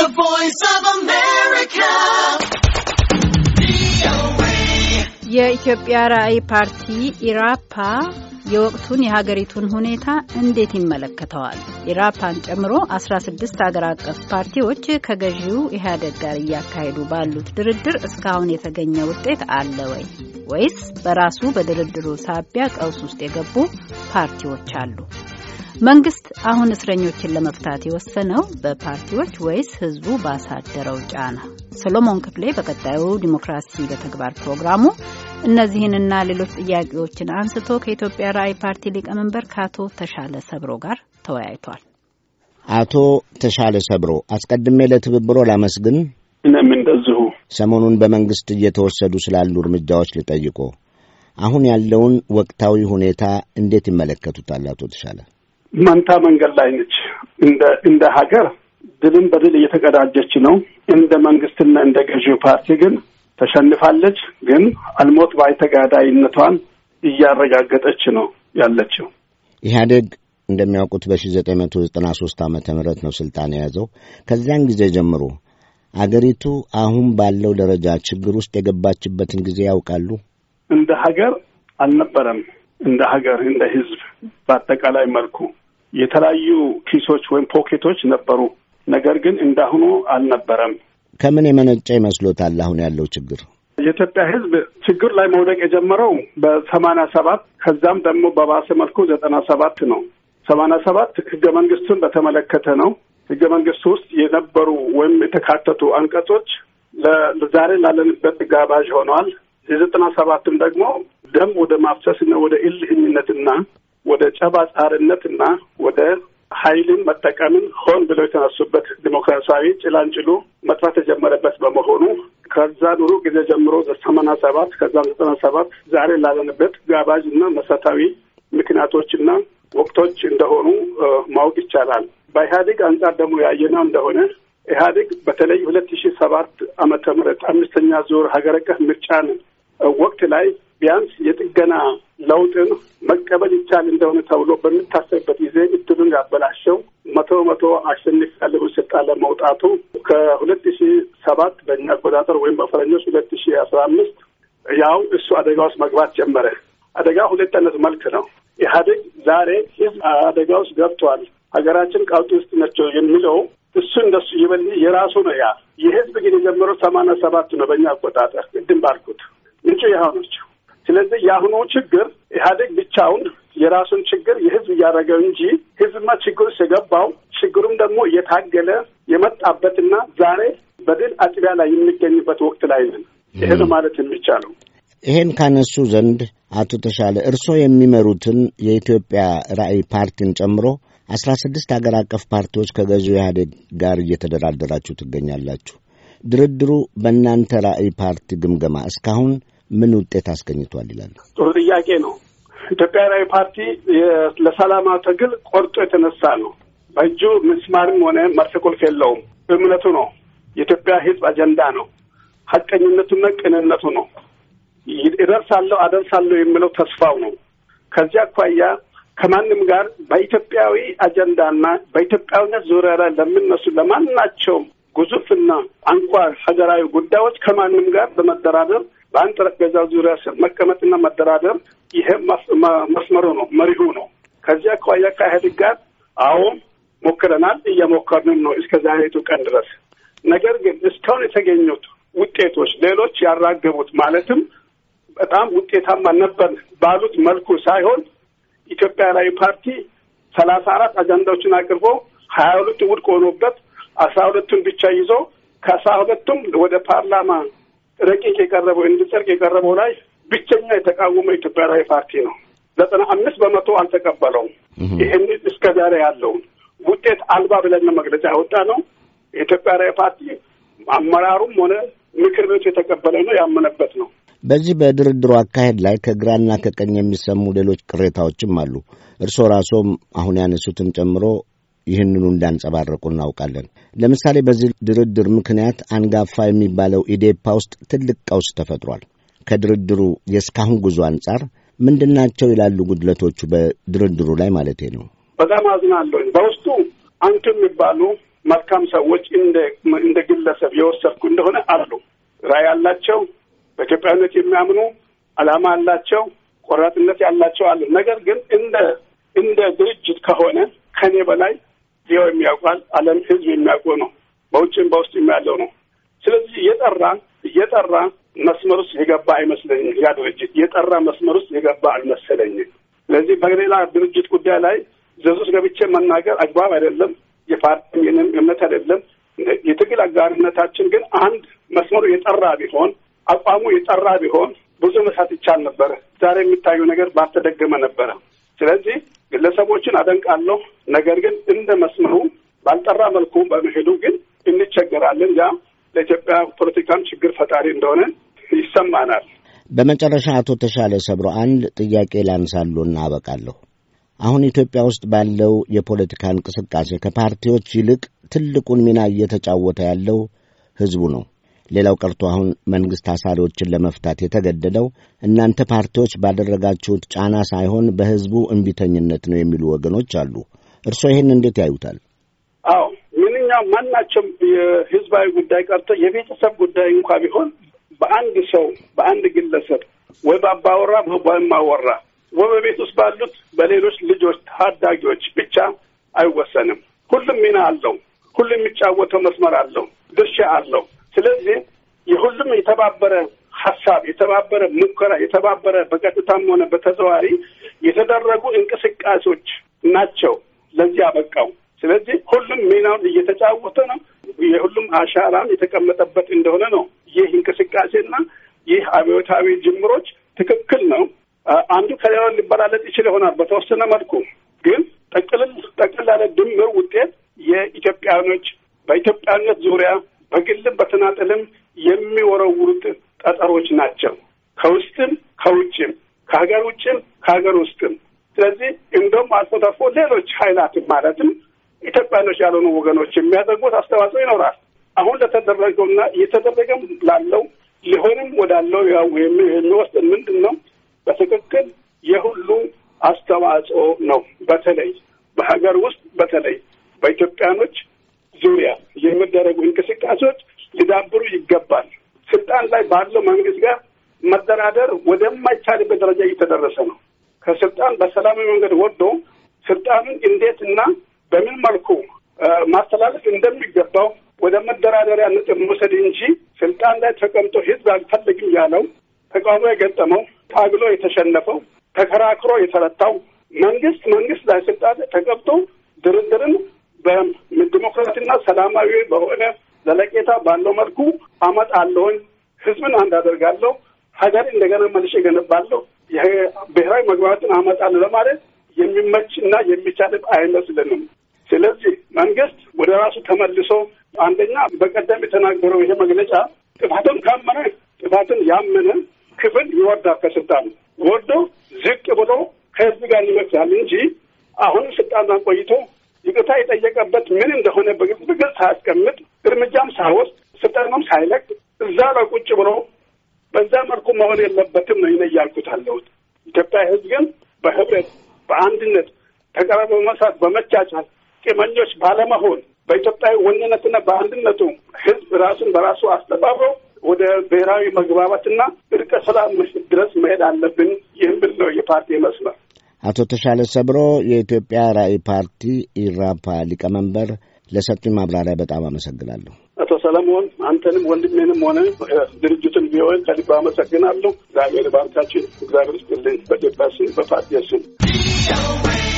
The Voice of America. የኢትዮጵያ ራዕይ ፓርቲ ኢራፓ የወቅቱን የሀገሪቱን ሁኔታ እንዴት ይመለከተዋል? ኢራፓን ጨምሮ 16 አገር አቀፍ ፓርቲዎች ከገዢው ኢህአደግ ጋር እያካሄዱ ባሉት ድርድር እስካሁን የተገኘ ውጤት አለ ወይ? ወይስ በራሱ በድርድሩ ሳቢያ ቀውስ ውስጥ የገቡ ፓርቲዎች አሉ? መንግስት አሁን እስረኞችን ለመፍታት የወሰነው በፓርቲዎች ወይስ ህዝቡ ባሳደረው ጫና? ሰሎሞን ክፍሌ በቀጣዩ ዲሞክራሲ በተግባር ፕሮግራሙ እነዚህንና ሌሎች ጥያቄዎችን አንስቶ ከኢትዮጵያ ራዕይ ፓርቲ ሊቀመንበር ከአቶ ተሻለ ሰብሮ ጋር ተወያይቷል። አቶ ተሻለ ሰብሮ አስቀድሜ ለትብብሮ ላመስግን። እኔም እንደዚሁ ሰሞኑን በመንግስት እየተወሰዱ ስላሉ እርምጃዎች ልጠይቆ፣ አሁን ያለውን ወቅታዊ ሁኔታ እንዴት ይመለከቱታል አቶ ተሻለ? መንታ መንገድ ላይ ነች። እንደ እንደ ሀገር ድልን በድል እየተቀዳጀች ነው። እንደ መንግስትና እንደ ገዢው ፓርቲ ግን ተሸንፋለች። ግን አልሞት ባይ ተጋዳይነቷን እያረጋገጠች ነው ያለችው። ኢህአዴግ እንደሚያውቁት በ ዘጠኝ መቶ ዘጠና ሶስት ነው ስልጣን የያዘው። ከዚያን ጊዜ ጀምሮ አገሪቱ አሁን ባለው ደረጃ ችግር ውስጥ የገባችበትን ጊዜ ያውቃሉ። እንደ ሀገር አልነበረም እንደ ሀገር እንደ ህዝብ በአጠቃላይ መልኩ የተለያዩ ኪሶች ወይም ፖኬቶች ነበሩ። ነገር ግን እንዳሁኑ አልነበረም። ከምን የመነጨ ይመስሎታል አሁን ያለው ችግር? የኢትዮጵያ ሕዝብ ችግር ላይ መውደቅ የጀመረው በሰማንያ ሰባት ከዛም ደግሞ በባሰ መልኩ ዘጠና ሰባት ነው። ሰማንያ ሰባት ህገ መንግስቱን በተመለከተ ነው። ህገ መንግስቱ ውስጥ የነበሩ ወይም የተካተቱ አንቀጾች ዛሬ ላለንበት ጋባዥ ሆነዋል። የዘጠና ሰባትም ደግሞ ደም ወደ ማፍሰስ ወደ እልህኝነትና ወደ ጨባ ጻርነትና ወደ ኃይልን መጠቀምን ሆን ብለው የተነሱበት ዲሞክራሲያዊ ጭላንጭሉ መጥፋት የጀመረበት በመሆኑ ከዛ ኑሩ ጊዜ ጀምሮ ሰማንያ ሰባት ከዛም ዘጠና ሰባት ዛሬ ላለንበት ጋባዥ እና መሰረታዊ ምክንያቶችና ወቅቶች እንደሆኑ ማወቅ ይቻላል። በኢህአዴግ አንጻር ደግሞ ያየነው እንደሆነ ኢህአዴግ በተለይ ሁለት ሺ ሰባት አመተ ምህረት አምስተኛ ዙር ሀገር አቀፍ ምርጫን ወቅት ላይ ቢያንስ የጥገና ለውጥን መቀበል ይቻል እንደሆነ ተብሎ በሚታሰብበት ጊዜ እድሉን ያበላሸው መቶ መቶ አሸንፍ ያለውን ስልጣን ለመውጣቱ ከሁለት ሺ ሰባት በእኛ አቆጣጠር ወይም በፈረኞች ሁለት ሺ አስራ አምስት ያው እሱ አደጋ ውስጥ መግባት ጀመረ። አደጋ ሁለት አይነት መልክ ነው። ኢህአዴግ ዛሬ ህዝብ አደጋ ውስጥ ገብቷል፣ ሀገራችን ቀውጥ ውስጥ ነቸው የሚለው እሱ እንደሱ ይበል የራሱ ነው። ያ የህዝብ ግን የጀመረው ሰማንያ ሰባት ነው በእኛ አቆጣጠር። ቅድም ባልኩት ምንጩ ያሆነችው። ስለዚህ የአሁኑ ችግር ኢህአዴግ ብቻውን የራሱን ችግር የህዝብ እያደረገው እንጂ ህዝብማ ችግር ውስጥ የገባው ችግሩም ደግሞ እየታገለ የመጣበትና ዛሬ በድል አጥቢያ ላይ የሚገኝበት ወቅት ላይ ነን። ይህ ነው ማለት የሚቻለው። ይሄን ካነሱ ዘንድ አቶ ተሻለ እርስዎ የሚመሩትን የኢትዮጵያ ራዕይ ፓርቲን ጨምሮ አስራ ስድስት ሀገር አቀፍ ፓርቲዎች ከገዢው ኢህአዴግ ጋር እየተደራደራችሁ ትገኛላችሁ። ድርድሩ በእናንተ ራዕይ ፓርቲ ግምገማ እስካሁን ምን ውጤት አስገኝቷል ይላል? ጥሩ ጥያቄ ነው። ኢትዮጵያ ፓርቲ ለሰላማዊ ትግል ቆርጦ የተነሳ ነው። በእጁ ምስማርም ሆነ መርፌ ቁልፍ የለውም። እምነቱ ነው። የኢትዮጵያ ሕዝብ አጀንዳ ነው። ሀቀኝነቱና ቅንነቱ ነው። እደርሳለሁ አደርሳለሁ የሚለው ተስፋው ነው። ከዚህ አኳያ ከማንም ጋር በኢትዮጵያዊ አጀንዳና በኢትዮጵያዊነት ዙሪያ ላይ ለምነሱ ለማናቸውም ግዙፍና አንኳር ሀገራዊ ጉዳዮች ከማንም ጋር በመደራደር በአንድ ጠረጴዛ ዙሪያ መቀመጥና መደራደር ይሄ መስመሩ ነው፣ መሪሁ ነው። ከዚያ አኳያ ከኢህአዴግ ጋር አሁን ሞክረናል፣ እየሞከርንም ነው እስከ ዛሬቱ ቀን ድረስ። ነገር ግን እስካሁን የተገኙት ውጤቶች ሌሎች ያራገቡት ማለትም በጣም ውጤታማ ነበር ባሉት መልኩ ሳይሆን ኢትዮጵያ ላይ ፓርቲ ሰላሳ አራት አጀንዳዎችን አቅርቦ ሀያ ሁለቱ ውድቅ ሆኖበት አስራ ሁለቱን ብቻ ይዞ ከአስራ ሁለቱም ወደ ፓርላማ ረቂቅ የቀረበው እንዲጸድቅ የቀረበው ላይ ብቸኛ የተቃወመ ኢትዮጵያ ፓርቲ ነው። ዘጠና አምስት በመቶ አልተቀበለውም። ይህን እስከ ዛሬ ያለውን ውጤት አልባ ብለን መግለጫ ያወጣ ነው። የኢትዮጵያ ፓርቲ አመራሩም ሆነ ምክር ቤቱ የተቀበለ ነው፣ ያመነበት ነው። በዚህ በድርድሩ አካሄድ ላይ ከግራና ከቀኝ የሚሰሙ ሌሎች ቅሬታዎችም አሉ። እርስዎ ራስዎም አሁን ያነሱትን ጨምሮ ይህንኑ እንዳንጸባረቁ እናውቃለን። ለምሳሌ በዚህ ድርድር ምክንያት አንጋፋ የሚባለው ኢዴፓ ውስጥ ትልቅ ቀውስ ተፈጥሯል። ከድርድሩ የእስካሁን ጉዞ አንጻር ምንድን ናቸው ይላሉ ጉድለቶቹ? በድርድሩ ላይ ማለቴ ነው። በጣም አዝናለሁ። በውስጡ አንቱ የሚባሉ መልካም ሰዎች እንደ ግለሰብ የወሰድኩ እንደሆነ አሉ። ራዕይ ያላቸው በኢትዮጵያዊነት የሚያምኑ አላማ ያላቸው ቆራጥነት ያላቸው አሉ። ነገር ግን እንደ እንደ ድርጅት ከሆነ ከኔ በላይ ሊሆ የሚያውቋል ዓለም ህዝብ የሚያውቁ ነው። በውጭም በውስጥ ያለው ነው። ስለዚህ እየጠራ እየጠራ መስመር ውስጥ የገባ አይመስለኝም። ያ ድርጅት የጠራ መስመር ውስጥ የገባ አልመሰለኝም። ስለዚህ በሌላ ድርጅት ጉዳይ ላይ ዘዙስ ገብቼ መናገር አግባብ አይደለም። የፓርቲንም እምነት አይደለም። የትግል አጋርነታችን ግን አንድ መስመሩ የጠራ ቢሆን አቋሙ የጠራ ቢሆን ብዙ መሳት ይቻል ነበረ። ዛሬ የሚታየው ነገር ባልተደገመ ነበረ። ስለዚህ ግለሰቦችን አደንቃለሁ። ነገር ግን እንደ መስመሩ ባልጠራ መልኩ በመሄዱ ግን እንቸገራለን። ያ ለኢትዮጵያ ፖለቲካም ችግር ፈጣሪ እንደሆነ ይሰማናል። በመጨረሻ አቶ ተሻለ ሰብሮ አንድ ጥያቄ ላንሳሉና አበቃለሁ። አሁን ኢትዮጵያ ውስጥ ባለው የፖለቲካ እንቅስቃሴ ከፓርቲዎች ይልቅ ትልቁን ሚና እየተጫወተ ያለው ህዝቡ ነው። ሌላው ቀርቶ አሁን መንግሥት አሳሪዎችን ለመፍታት የተገደደው እናንተ ፓርቲዎች ባደረጋችሁት ጫና ሳይሆን በሕዝቡ እምቢተኝነት ነው የሚሉ ወገኖች አሉ። እርስዎ ይህን እንዴት ያዩታል? አዎ ምንኛ ማናቸውም የህዝባዊ ጉዳይ ቀርቶ የቤተሰብ ጉዳይ እንኳ ቢሆን በአንድ ሰው በአንድ ግለሰብ ወይ በአባወራ በማወራ ወይ በቤት ውስጥ ባሉት በሌሎች ልጆች ታዳጊዎች ብቻ አይወሰንም። ሁሉም ሚና አለው። ሁሉም የሚጫወተው መስመር አለው፣ ድርሻ አለው። ስለዚህ የሁሉም የተባበረ ሀሳብ የተባበረ ሙከራ የተባበረ በቀጥታም ሆነ በተዘዋሪ የተደረጉ እንቅስቃሴዎች ናቸው ለዚህ አበቃው። ስለዚህ ሁሉም ሚናውን እየተጫወተ ነው። የሁሉም አሻራም የተቀመጠበት እንደሆነ ነው። ይህ እንቅስቃሴና ይህ አብዮታዊ ጅምሮች ትክክል ነው። አንዱ ከሌላው ሊበላለጥ ይችል ይሆናል በተወሰነ መልኩ ግን ጠቅልል ጠቅል ያለ ድምር ውጤት የኢትዮጵያኖች በኢትዮጵያነት ዙሪያ በግልም በተናጠልም የሚወረውሩት ጠጠሮች ናቸው። ከውስጥም ከውጭም፣ ከሀገር ውጭም ከሀገር ውስጥም። ስለዚህ እንደውም አልፎ ተርፎ ሌሎች ኃይላትም ማለትም ኢትዮጵያኖች ያልሆኑ ወገኖች የሚያደርጉት አስተዋጽኦ ይኖራል። አሁን ለተደረገውና እየተደረገም ላለው ሊሆንም ወዳለው የሚወስድ ምንድን ነው በትክክል የሁሉ አስተዋጽኦ ነው። በተለይ በሀገር ውስጥ በተለይ በኢትዮጵያኖች ዙሪያ የሚደረጉ እንቅስቃሴዎች ሊዳብሩ ይገባል። ስልጣን ላይ ባለው መንግስት ጋር መደራደር ወደማይቻልበት ደረጃ እየተደረሰ ነው። ከስልጣን በሰላማዊ መንገድ ወርዶ ስልጣኑን እንዴት እና በምን መልኩ ማስተላለፍ እንደሚገባው ወደ መደራደሪያ ነጥብ መውሰድ እንጂ ስልጣን ላይ ተቀምጦ ህዝብ አልፈልግም ያለው ተቃውሞ የገጠመው ታግሎ የተሸነፈው ተከራክሮ የተረታው መንግስት መንግስት ላይ ስልጣን ተቀምጦ ድርድርን ዲሞክራሲና ሰላማዊ በሆነ ዘለቄታ ባለው መልኩ አመጣለሁኝ፣ ህዝብን አንድ አደርጋለሁ፣ ሀገር እንደገና መልሼ እገነባለሁ፣ ብሔራዊ መግባባትን አመጣለሁ ለማለት የሚመች እና የሚቻልብ አይመስልንም። ስለዚህ መንግስት ወደ ራሱ ተመልሶ አንደኛ በቀደም የተናገረው ይሄ መግለጫ ጥፋትን ካመነ ጥፋትን ያመነ ክፍል ይወርዳል ከስልጣን ወርዶ ዝቅ ብሎ ከህዝብ ጋር ይመክራል እንጂ አሁንም ስልጣን ቆይቶ ይቅርታ የጠየቀበት ምን እንደሆነ በግልጽ ሳያስቀምጥ እርምጃም ሳይወስድ ስልጣኑም ሳይለቅ እዛ ላይ ቁጭ ብሎ በዛ መልኩ መሆን የለበትም ነው እያልኩት አለሁት። ኢትዮጵያ ሕዝብ ግን በህብረት በአንድነት ተቀራርቦ መስራት በመቻቻል ቂመኞች ባለመሆን በኢትዮጵያ ወንነትና በአንድነቱ ሕዝብ ራሱን በራሱ አስተባብሮ ወደ ብሔራዊ መግባባትና እርቀ ሰላም ድረስ መሄድ አለብን። ይህም ብለው የፓርቲ መስመር አቶ ተሻለ ሰብሮ የኢትዮጵያ ራእይ ፓርቲ ኢራፓ ሊቀመንበር ለሰጡኝ ማብራሪያ በጣም አመሰግናለሁ። አቶ ሰለሞን አንተንም ወንድሜንም ሆነ ድርጅቱን ቢሆን ከልብ አመሰግናለሁ። እግዚአብሔር ባርካችን። እግዚአብሔር ስጥልኝ። በኢትዮጵያ ስም በፓርቲያ ስም